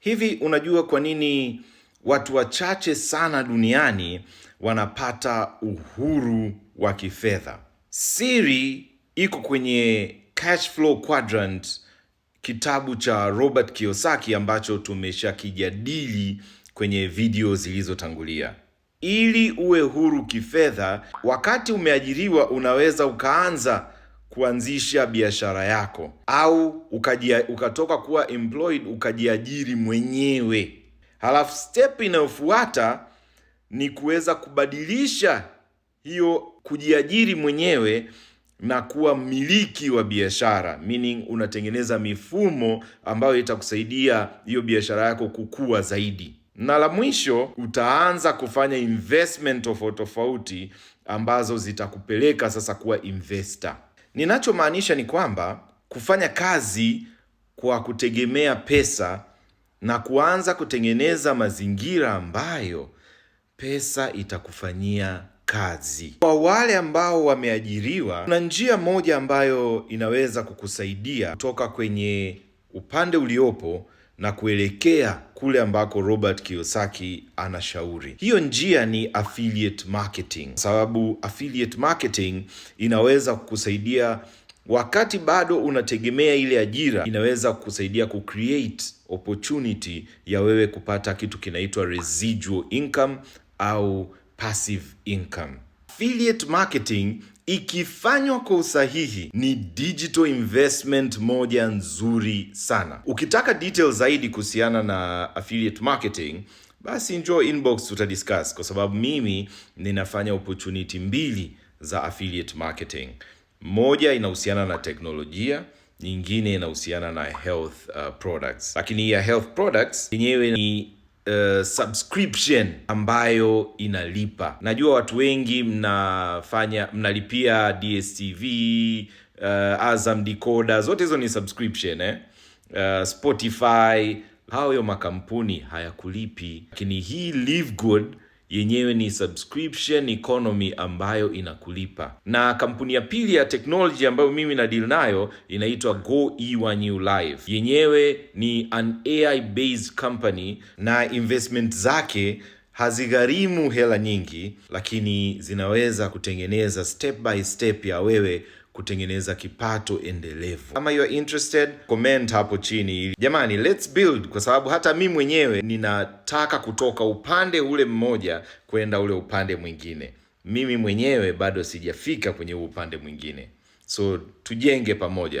Hivi unajua kwa nini watu wachache sana duniani wanapata uhuru wa kifedha? Siri iko kwenye Cash Flow Quadrant, kitabu cha Robert Kiyosaki ambacho tumeshakijadili kwenye video zilizotangulia. Ili uwe huru kifedha, wakati umeajiriwa, unaweza ukaanza kuanzisha biashara yako au ukajia, ukatoka kuwa employed ukajiajiri mwenyewe. Halafu step inayofuata ni kuweza kubadilisha hiyo kujiajiri mwenyewe na kuwa mmiliki wa biashara, meaning unatengeneza mifumo ambayo itakusaidia hiyo biashara yako kukua zaidi. Na la mwisho, utaanza kufanya investment tofauti tofauti ambazo zitakupeleka sasa kuwa investor. Ninachomaanisha ni kwamba kufanya kazi kwa kutegemea pesa na kuanza kutengeneza mazingira ambayo pesa itakufanyia kazi. Kwa wale ambao wameajiriwa, kuna njia moja ambayo inaweza kukusaidia kutoka kwenye upande uliopo na kuelekea kule ambako Robert Kiyosaki anashauri. Hiyo njia ni affiliate marketing, sababu affiliate marketing inaweza kukusaidia wakati bado unategemea ile ajira, inaweza kukusaidia kucreate opportunity ya wewe kupata kitu kinaitwa residual income au passive income. Affiliate marketing ikifanywa kwa usahihi ni digital investment moja nzuri sana. Ukitaka details zaidi kuhusiana na affiliate marketing basi njoo inbox tutadiscuss, kwa sababu mimi ninafanya opportunity mbili za affiliate marketing. Moja inahusiana na teknolojia, nyingine inahusiana na health uh, products, lakini ya health products yenyewe ni Uh, subscription ambayo inalipa. Najua watu wengi mnafanya mnalipia DSTV, uh, eh, Azam Decoder, zote hizo ni subscription eh? Uh, Spotify, hayo makampuni hayakulipi, lakini hii Live Good yenyewe ni subscription economy ambayo inakulipa. Na kampuni ya pili ya teknoloji ambayo mimi na deal nayo inaitwa GoEwa New Life, yenyewe ni an AI based company na investment zake hazigharimu hela nyingi, lakini zinaweza kutengeneza step by step ya wewe kutengeneza kipato endelevu. Kama you are interested, comment hapo chini. Jamani, let's build, kwa sababu hata mi mwenyewe ninataka kutoka upande ule mmoja kwenda ule upande mwingine. Mimi mwenyewe bado sijafika kwenye upande mwingine, so tujenge pamoja.